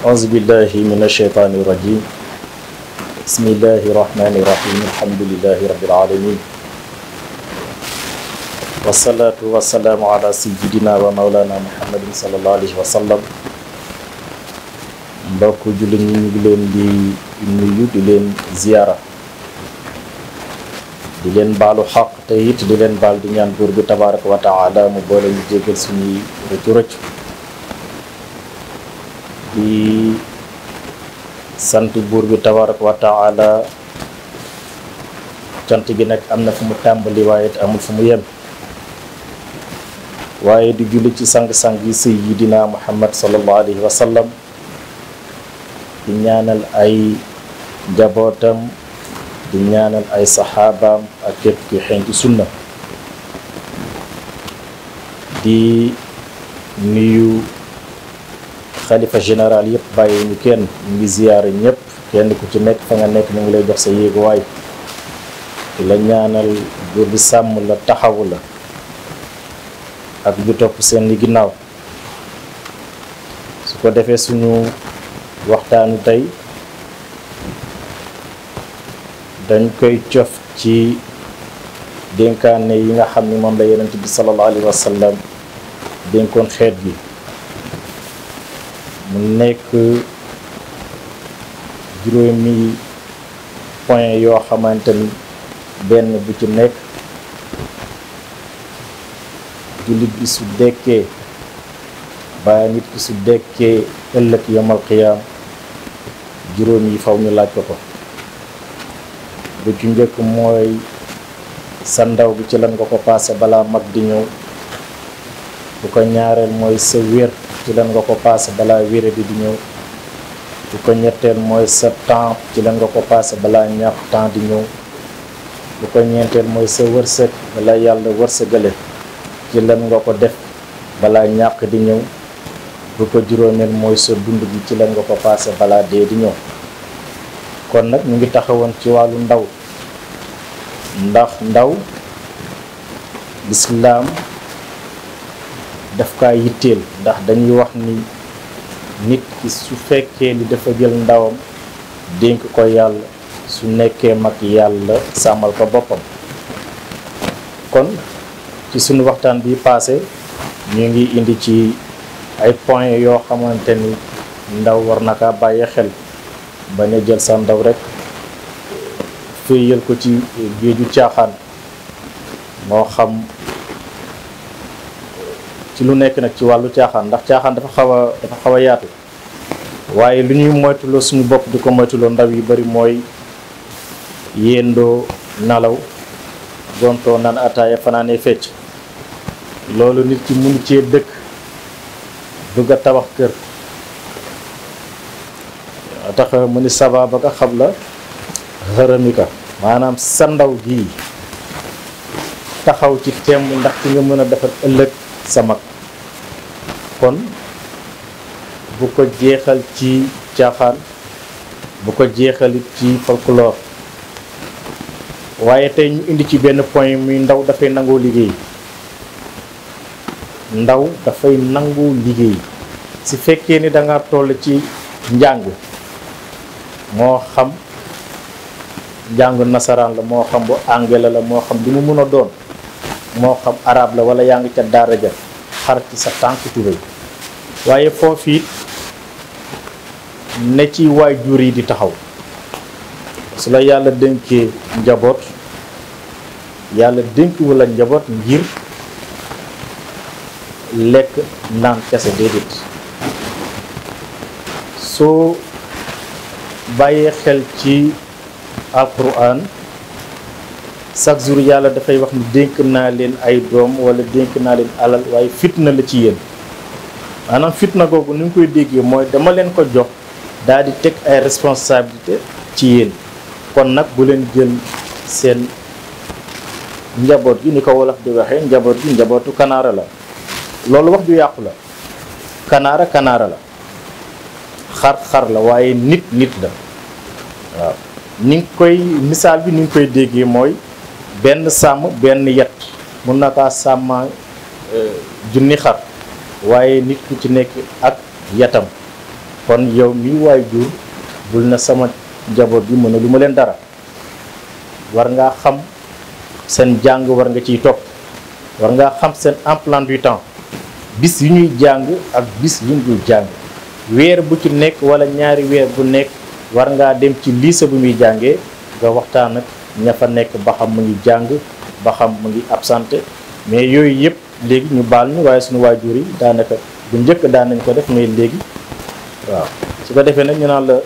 أعوذ بالله من الشيطان الرجيم بسم الله الرحمن الرحيم الحمد لله رب العالمين والصلاة والسلام على سيدنا ومولانا محمد صلى الله عليه وسلم mbokk jullit ñi ñu ngi leen di nuyu di leen ziyaara di leen baalu xaq te it di leen baal di ñaan buur bi tabaraka wa taala mu boole ñu jéggal suñuy rëccu rëccu di sant buur bi tabaraka wa taala cant gi nag am na fu mu tàmbali waaye it amul fu mu yem waaye di julli ci sang-sang yi sayyidina muhammad sallallahu alayhi wa sallam di ñaanal ay njabootam di ñaanal ay saxaabaam ak képp ki xeeñ ci sunna di nuyu xalifa général yëpp bàyyi ñu kenn ñu ngi ziyaare ñëpp kenn ku ci nekk fa nga nekk ñu ngi lay jox sa yéeguwaay di la ñaanal góor bi sàmm la taxawu la ak ju topp seen ginnaaw su ko defee suñu waxtaanu tey dañ koy cof ci dénkaane yi nga xam ni moom la yonent bi sallallahu alayhi wa xeet gi mu nekk juróomi point yoo xamante ni benn bu ci nekk jullit bi su dekkee baa nit ki su dekkee ëllëg yomal xiyaam juróom yi faw ñu laaj ko ko bu ci njëkk mooy sa ndaw bi ci lan nga ko passé balaa mag di ñëw bu ko ñaareel mooy sa wér ci leen nga ko passé balaa wéradi di ñëw bu ko ñetteel mooy sa temps ci leen nga ko passé balaa ñàkk temps di ñëw bu ko ñeenteel mooy sa wërsëg balaa yàlla wërsëgale ci leen nga ko def balaa ñàkk di ñëw bu ko juróomeel mooy sa dund gi ci leen nga ko passé balaa dee di ñëw kon nag ñu ngi taxawoon ci wàllu ndaw ndax ndaw lislaam daf kaa yitteel ndax dañuy wax ni nit ki su fekkee ni dafa jël ndawam dénk ko yàlla su nekkee mag yàlla sàmmal ko boppam kon ci sunu waxtaan bi paase ñu ngi indi ci ay point yoo xamante ni ndaw war na kaa bàyyi xel ba a jël sa ndaw rek féeyal ko ci géeju caaxaan moo xam lu nekk nag ci wàllu caaxaan ndax caaxaan dafa xaw a dafa xaw yaatu waaye lu ñuy moytuloo suñu bopp di ko moytuloo ndaw yu bari mooy yéendoo nalaw gontoo naan ataaya fanaanee fecc loolu nit ki mënu cee dëkk bëgg a tabax kër tax mu ni sabaa ba xab la xërëmi maanaam sa ndaw gii taxaw ci temb ndax ki nga mën a defar ëllëg sa mag kon bu ko jeexal ci caaxaan bu ko jeexal ci folklore waaye tey ñu indi ci benn point muy ndaw dafay nangoo liggéey ndaw dafay nangoo liggéey si fekkee ni danga toll ci njàng moo xam njàngu nasaraan la moo xam bu anglais la moo xam li mu mun a doon moo xam arab la wala yaa ngi ca daara ja xar ci sa tànk tubéy waaye foofu ne ci waajur yi di taxaw su la yàlla dënkee njaboot yàlla dénkiwu la njaboot ngir lekk naan kese déedéet soo bàyyee xel ci alquran chaque jour yàlla dafay wax ni dénk naa leen ay doom wala dénk naa leen alal waaye fitna la ci yéen maanaam fitna googu ni ñu koy déggee mooy dama leen ko jox daal di teg ay responsabilité ci yéen kon nag bu leen jël seen njaboot gi ni ko wolof di waxee njaboot gi njabootu kanaara la loolu wax ju yàqu la kanaara kanaara la xar-xar la waaye nit nit la waaw ni nga koy misaal bi ni nga koy déggee mooy benn sàmm benn yet mun na kaa sàmma euh, junni xar waaye nit ku ci nekk ak yatam kon yow mi waay jur bul na sama njaboot bi mën a lu ma leen dara war ngaa xam seen jàng war nga ciy topp war ngaa xam seen emploi du temps bis yu ñuy jàng ak bis yu ñu dul jàng weer bu ci nekk wala ñaari weer bu nekk war ngaa dem ci lycée bu muy jàngee nga waxtaan ak ña fa nekk ba xam mu ngi jàng ba xam mu ngi absenté mais yooyu yëpp léegi ñu baal ñu waaye suñu waajur yi daanaka bu njëkk daan nañ ko def mais léegi waaw su ko defee nag ñu naan la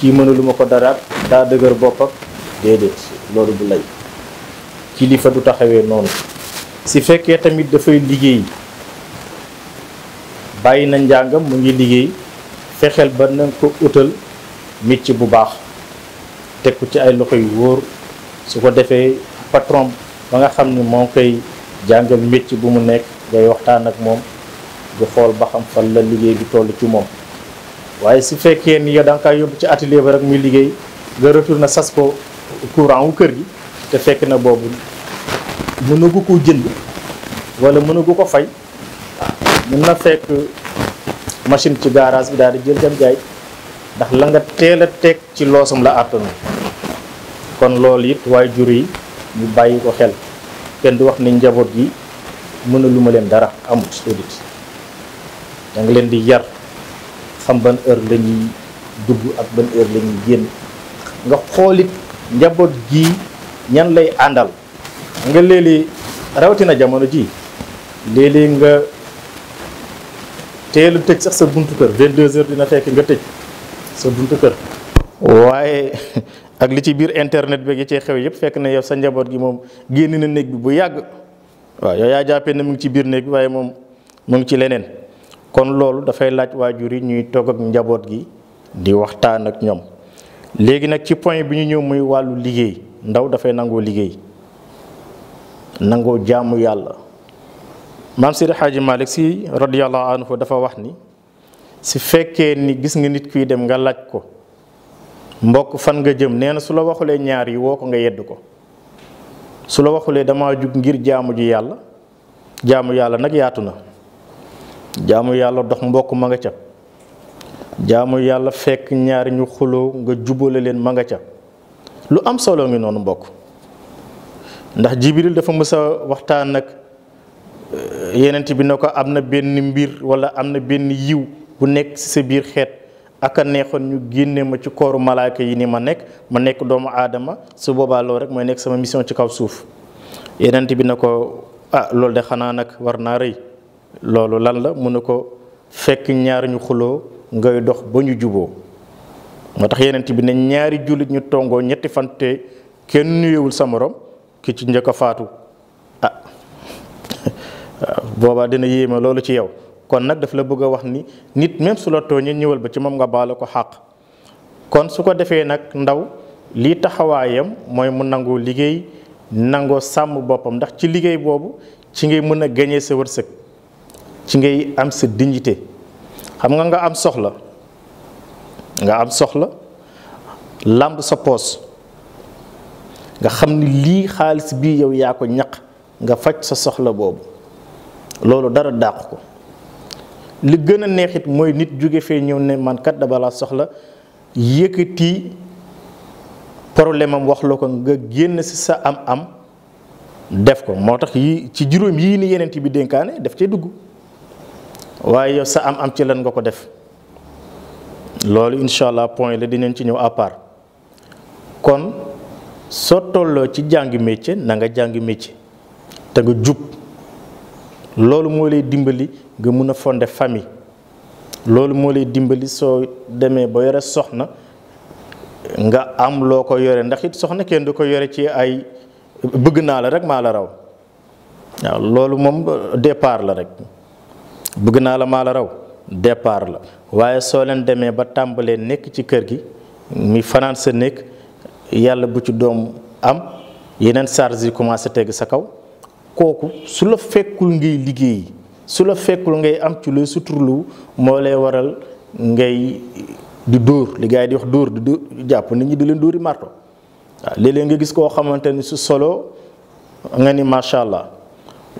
ci mënulu ma ko daraat daa dëgër bopp ak déedéet loolu du lay kilifa du taxawee noonu si fekkee tamit dafay liggéey bàyyi na njàngam mu ngi liggéey fexeel ba na ko utal métier bu baax teg ko ci ay loxo yu wóor su ko defee patron ba nga xam ni moo koy jàngal métier bu mu nekk ngay waxtaan ak moom di xool ba xam fan la liggéey bi toll ci moom waaye su fekkee ni yow da yóbbu ci atelier ba rek muy liggéey nga retour na sas ko courant wu kër gi te fekk na boobu mënagu ko jënd walla mënagu ko fay mën na fekk machine ci garage bi daal di jël dem jaay ndax la nga teel teg ci loosam la àttanu kon loolu it waaye jur yi ñu bàyyi ko xel kenn du wax ni njaboot gi ma leen dara amut audit da nga leen di yar xam ban heure la ñuy dugg ak ban heure la ñuy génn nga xoolit njaboot gi ñan lay àndal nga léeg-léeg rawatina jamono ji léeg-léeg nga teelu tëj sax sa buntu kër 22 heures dina fekk nga tëj sa buntu kër waaye ak li ci biir internet beeg yi cee xew yëpp fekk na yow sa njaboot gi moom génn na néeg bi bu yàgg waaw yaa jàppee ne mu ngi ci biir néeg bi waaye moom mu ngi ci leneen kon loolu dafay laaj waajur yi ñuy toog ak njaboot gi di waxtaan ak ñoom léegi nag ci point bi ñu ñëw muy wàllu liggéey ndaw dafay nangoo liggéey nangoo jaamu yàlla maam Seydi Xaaji Malick si radiyallahu anhu dafa wax ni si fekkee ni gis nga nit kuy dem nga laaj ko mbokk fan nga jëm nee na su la waxulee ñaar yi woo ko nga yedd ko su la waxulee dama jug ngir jaamu ji yàlla jaamu yàlla nag yaatu na jaamu yàlla dox mbokk ma nga ca jaamu yàlla fekk ñaar ñu xuloo nga jubale leen ma nga ca lu am solo ngi noonu mbokk ndax jibril dafa mës waxtaan nag eh, yenent bi ne ko am na benn mbir wala am na benn yiw bu nekk ci sa biir xeet aka neexoon ñu génne ma ci kooru malaaka yi ni ma nekk ma nekk doomu aadama su boobaa loolu rek mooy nekk sama mission ci kaw suuf yenent bi na ko ah loolu de xanaa nag war naa rëy loolu lan la mu ne ko fekk ñaar ñu xuloo ngay dox ba ñu juboo moo tax yenent bi ne ñaari jullit ñu tongoo ñetti fante kenn nuyewul sa morom ki ci njëkk faatu ah boobaa dina yéeme loolu ci yow kon nag daf la bëgg wax ni nit même su la tooñee ñëwal ba ci moom nga baal ko xàq kon su ko defee nag ndaw lii taxawaayam mooy mu nangoo liggéey nangoo sàmm boppam ndax ci liggéey boobu ci ngay mën a gañee sa wërsëg ci ngay am sa dinjite xam nga nga am soxla nga am soxla làmb sa poos nga xam ni lii xaalis bii yow yaa ko ñaq nga faj sa soxla boobu loolu dara dàq ko li gën a neexit mooy nit jóge fee ñëw ne man kat dama la soxla yëkkati problème am wax la ko nga génn si sa am-am def ko moo tax yii ci juróom yii ni yeneen bi dénkaane def cee dugg waaye yow sa am-am ci lan nga ko def loolu incha allah point la dinañ ci ñëw à part kon soo tolloo ci jàng métier nanga nga jàng métier te nga jub loolu moo lay dimbali. nga mun a fonder famille loolu moo lay dimbali soo demee ba yore soxna nga am loo ko yore ndaxit it soxna kenn du ko yore ci ay bëgg naa la rek maa la raw waaw loolu moom départ la rek bëgg naa la maa la raw départ la waaye soo leen demee ba tàmbalee nekk ci kër gi mi fanaan sa nekk yàlla bu ci doom am yeneen charge yi commencé teg sa kaw kooku su la fekkul ngay liggéey su la fekkul ngay am ci looy suturlu moo lay waral ngay di dóor li gars di wax dóor di dóor jàpp nit ñi di leen dóori marto waaw léeg nga gis koo xamante ni su solo nga ni macha allah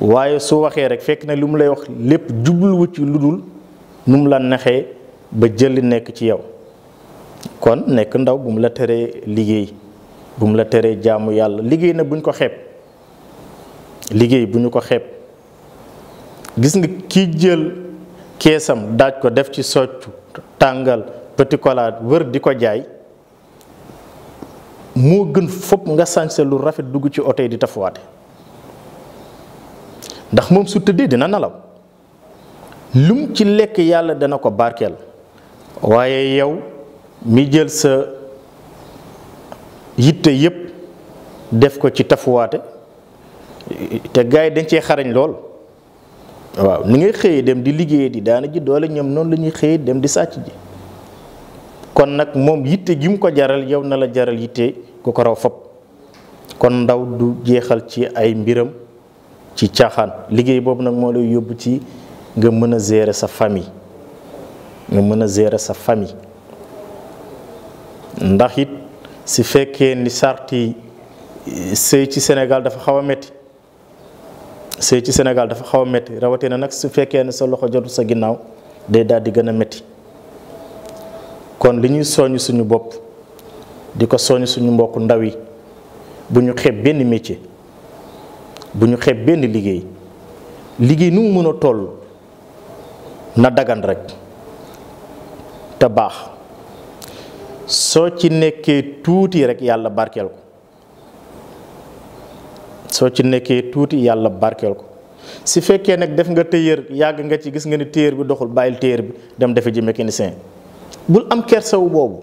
waaye su waxee rek fekk na li mu lay wax lépp jubluwu ci lu dul nu mu la naxee ba jëli nekk ci yow kon nekk ndaw bu mu la teree liggéey bu mu la teree jaamu yàlla liggéey na buñ ko xeeb liggéey bu ñu ko xeeb. gis nga kii jël keesam daaj ko def ci soccu tàngal petit cola wër di ko jaay moo gën fopp nga sañse lu rafet dugg ci oto di tafuwaate ndax moom su tëddee dina nalaw lum ci lekk yàlla dana ko barkeel waaye yow mi jël sa yitte yépp def ko ci tafuwaate te gars yi dañ cee xarañ lool waaw ni ngay xëyee dem di liggéey di daana ji doole ñoom noonu la ñuy xëyee dem di sàcc ji kon nag moom yitte gi mu ko jaral yow na la jaral yitte ku ko raw fab kon ndaw du jeexal ci ay mbiram ci caaxaan liggéey boobu nag moo lay yóbbu ci nga mën a gérer sa famille nga mën a gérer sa famille ndax it si fekkee ni sàrt yi eh, sëy ci Sénégal dafa xaw a metti sëy ci senegal dafa xaw a métti rawatina nag su fekkee ne sa loxo jotul sa ginnaaw day daal di gën a métti kon li ñuy soññ suñu bopp di ko soññ suñu mbokk ndaw yi bu ñu xeeb benn métier bu ñu xeeb benn liggéey liggéey nu mu mën a toll na dagan rek te baax soo ci nekkee tuuti rek yàlla barkeel ko soo ci nekkee tuuti yàlla barkeel ko si fekkee nag def nga téyeer yàgg nga ci gis nga ni téyeer bi doxul bàyyil téyeer bi dem defe ji mécanicien bul am kersawu boobu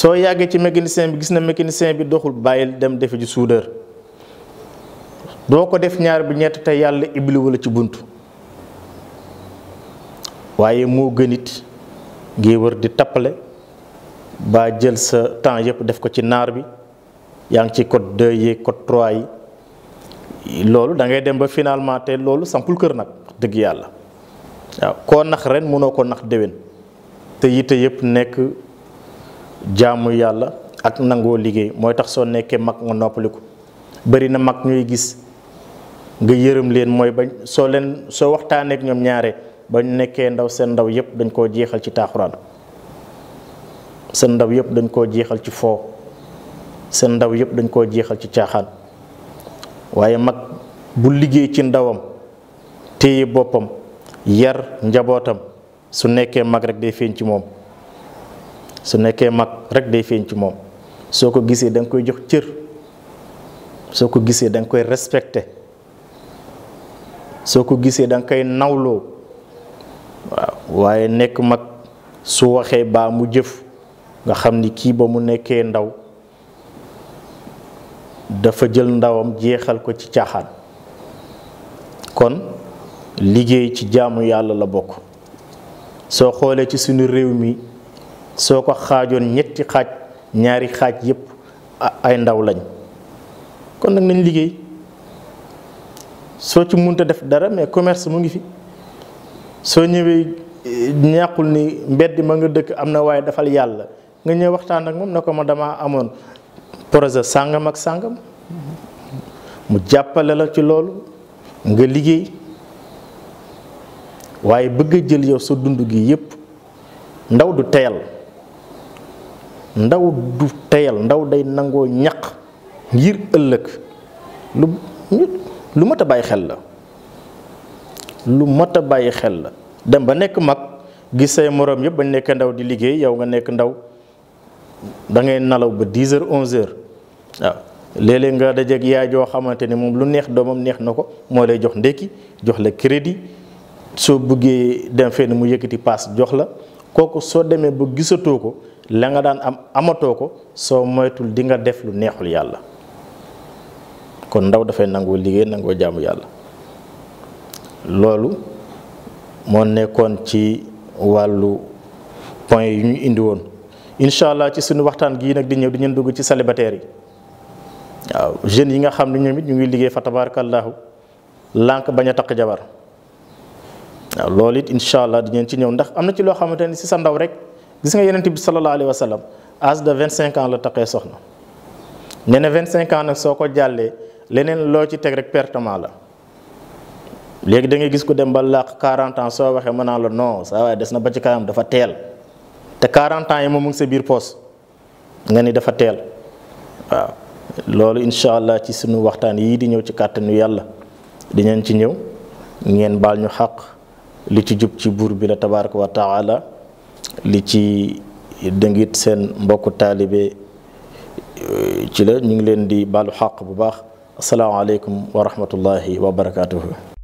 soo yàggee ci mécanicien bi gis na mécanicien bi doxul bàyyil dem defe ji suudar doo ko def ñaar bi ñett te yàlla ibli wala ci bunt waaye moo gënit ngi wër di tappale ba jël sa temps yëpp def ko ci naar bi yaa ngi ci code 2 yi code 3 yi loolu dangay dem ba finalement te loolu sampul kër nag dëgg yàlla waaw koo nax ren mënoo ko nax déwén te yitte yépp nekk jaamu yàlla ak nangoo liggéey mooy tax soo nekkee mag nga noppaliku bari na mag ñuy gis nga yërëm leen mooy ba soo leen soo waxtaanee ak ñoom ñaare bañ nekkee ndaw seen ndaw yëpp dañ koo jeexal ci taaxuraan seen ndaw yëpp dañ koo jeexal ci foo seen ndaw yëpp dañ koo jeexal ci caaxaan waaye mag bu liggéey ci ndawam téye boppam yar njabootam su nekkee mag rek day feeñ ci moom su nekkee mag rek day feeñ moom soo ko gisee danga koy jox cër soo ko gisee danga koy respecté soo ko gisee da koy nawloo waaw waaye nekk mag su waxee baa mu jëf nga xam ni kii ba mu nekkee ndaw dafa jël ndawam jeexal ko ci caaxaan kon liggéey ci jaamu yàlla la bokk soo xoolee ci suñu réew mi soo ko xaajoon ñetti xaaj ñaari xaaj yépp ay ndaw lañ kon nag nañ liggéey soo ci munta def dara mais commerce mu ngi fi soo ñëwee eh, ñàqul ni mbedd ma nga dëkk am na waaye defal yàlla nga ñëw waxtaan ak moom ne ko ma dama amoon projet sàngam ak sàngam mu jàppale la ci loolu nga liggéey waaye bëgg jël yow sa dund gi yépp ndaw du teyal ndaw du teyal ndaw day nangoo ñaq ngir ëllëg lu mat a bàyyi xel la lu mat a bàyyi xel la dem ba nekk mag gis say moroom yépp ba nekk ndaw di liggéey yow nga nekk ndaw da ngay nalaw ba 10 heures 11 heures waaw léeg-léeg nga dajeeg yaay joo xamante ne moom lu neex doomam neex na ko moo lay jox ndékki jox la crédit soo buggee dem fenn mu yëkkati paas jox la kooku soo demee ba gisatoo ko la nga daan am amatoo ko soo moytul di nga def lu neexul yàlla kon ndaw dafay nangoo liggéey nangoo jaamu yàlla loolu moo nekkoon ci wàllu point yu ñu indi woon incha allah ci suñu waxtaan gii nag di ñëw di ñeen dugg ci célibataire yi waaw jeunes yi nga xam ne ñoom it ñu ngi liggéey fa tabarakallahu lànk bañ a takk jabar waaw loolu it incha allah di ñeen ci ñëw ndax am na ci loo xamante ne si sa ndaw rek gis nga yeneen bi sallallahu alayhi wa sallam de vingt cinq la takkee soxna nee na vingt cinq ans nag soo ko jàllee leneen loo ci teg rek pertement la léegi da ngay gis ku dem ba làq 40 ans soo waxee mën naa la non saa waaye des na ba ci kanam dafa teel te 40 yi moom mu ngi sa biir poos nga ni dafa teel waaw loolu incha allah ci suñu waxtaan yii di ñëw ci kàttanu yàlla di dinañ ci ñëw ngeen baal ñu xaq li ci jub ci buur bi la tabaraka wa taala li ci dëngit seen mbokku taalibe ci la ñu ngi leen di baalu xaq bu baax asalaamaaleykum wa rahmatullahi wa barakaatuhu